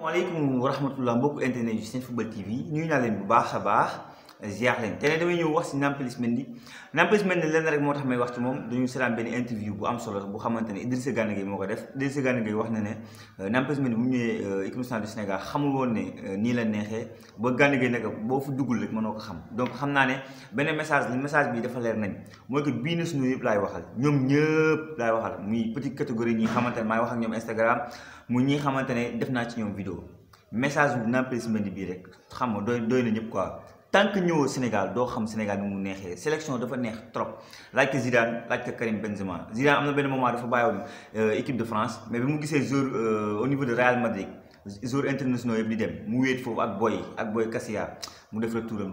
waaleykum wa rahmatulah mbokku internet yu seen football TV nuyu naa leen bu baax a baax. ziar leen te ne damay ñëw wax si Nampalys Mendy Nampalys Mendy lenn rek moo tax may wax ci moom dañu seetaan benn interview bu am solo bu xamante ne Idrissa Gana Gueye moo ko def Idrissa Gana Gueye wax na ne euh, Nampalys Mendy bu mu ñëwee euh, équipe nationale du Sénégal ne euh, nii la neexee ba Gana Gueye nag boo fa duggul rek mënoo ko xam donc xam naa ne benn message message bi dafa leer nañ mooy que bii na suñu yëpp laay waxal ñoom ñëpp laay waxal muy petite catégorie ñi xamante ne maay wax ak ñoom Instagram mu ñi xamante ne def naa ci ñoom vidéo message bu Nampalys Mendy bii rek xam nga doy doy na ñëpp quoi tant que ñëwoo Sénégal doo xam Sénégal ni mu neexee sélection dafa neex trop laaj ko Zidane laaj ko Karim Benzema Zidane am na benn moment dafa bàyyiwoon euh, équipe de France mais bi mu gisee joueur euh, au niveau de Real Madrid joueur internationaux yëpp di dem mu wéet foofu ak boy ak boy Casilla mu def retouram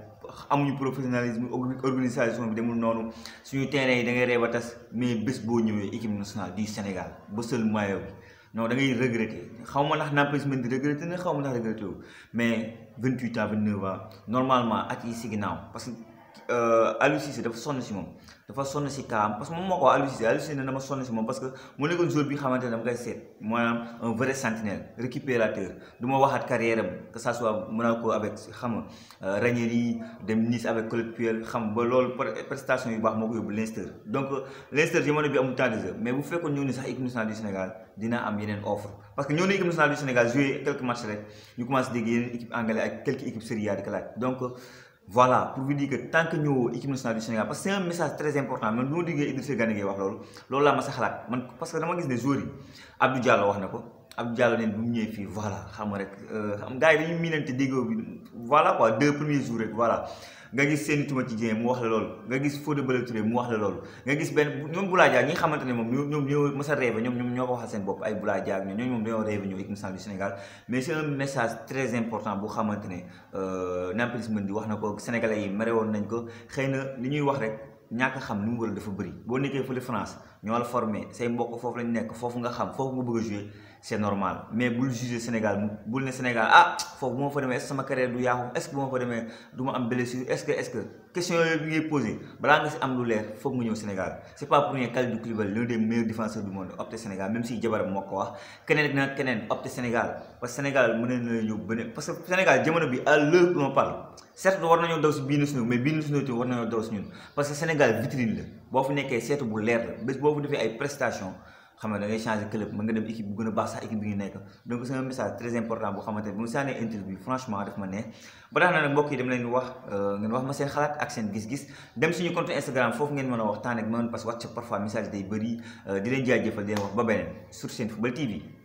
amuñu professionnalisme organisation bi demul noonu suñu terrain yi da ngay reeba tas mais bés boo ñëwee équipe nationale du Sénégal ba seul maillot bi non da ngay regretter xaw ma ndax Nampalys Mendy regretter na xaw ma ndax regretter wu mais 28 ans 29 normalement at yi si ginnaaw parce que. Euh, Aliou Cissé dafa sonn si moom dafa sonn si kaam parce que moom moo ko wax Aliou Cissé Aliou dama sonn si moom parce que mu nekkoon joueur bi xamante ne dama koy seet maanaam un vrai sentinelle récupérateur du ma waxaat carrière am que ça soit Monaco avec xam nga euh, Ranieri dem Nice avec Claude xam ba loolu prestation yu baax moo ko yóbbu Leinster donc euh, Leinster jamono bi amul temps de jeu mais bu fekkoon ñëw ne sax équipe nationale du Sénégal dina am yeneen offre parce que voilà pour vous dire que tant que ñëwoo équipe nationale du Sénégal parce que c'est un message très important Mais nous ma déggee Idrissa faire Gueye wax loolu loolu la ma sa parce que dama gis ne joueurs, yi Abdou Diallo wax na ab jallo ne bu ñëw fi voilà xam rek xam gaay dañu minante dégo bi voilà quoi deux premiers jours rek voilà nga gis seen tuma ci jëm mu wax la lool nga gis faux de balle touré mu wax la lool nga gis ben ñom bula jaar ñi xamantene mom ñom ñoo mësa rêve ñom ñom ñoko waxal seen bop ay bula jaar ñom mom dañoo rêve ñoo ikum sang du sénégal mais c'est un message très important bu xamantene euh nampis mënd di wax na ko sénégalais yi maré won nañ ko xeyna li ñuy wax rek ñàkk xam ni mu wëral dafa bëri boo nekkee fële France ñoo la formé say mbokk foofu lañ nekk foofu nga xam foofu nga bëgg a joué c' est normal mais bul jugé Sénégal bul ne Sénégal ah foofu bu ma fa demee est ce sama carrière du yaaxu est ce que bu ma fa demee du ma am blessure est ce que est ce que question est posée. posé nga au Sénégal c'est pas pour rien du club, l'un des meilleurs défenseurs du monde Sénégal même si je ne wax Sénégal parce que Sénégal parce que Sénégal c'est bi à certes war des le mais Le Sénégal parce que Sénégal vitrine la que prestations xam nga da ngay changer club mën nga dem équipe bu gën a baax sax équipe bi ñu nekk donc c'est un message très important boo xamante bu mu sànnee interview franchement daf ma neex ba tax na nag mbokk dem leen wax euh, ngeen wax ma seen xalaat ak seen gis-gis dem suñu compte Instagram foofu ngeen mën a waxtaan ak WhatsApp parfois message day bëri euh, di leen jaajëfal di leen wax ba beneen sur seen football TV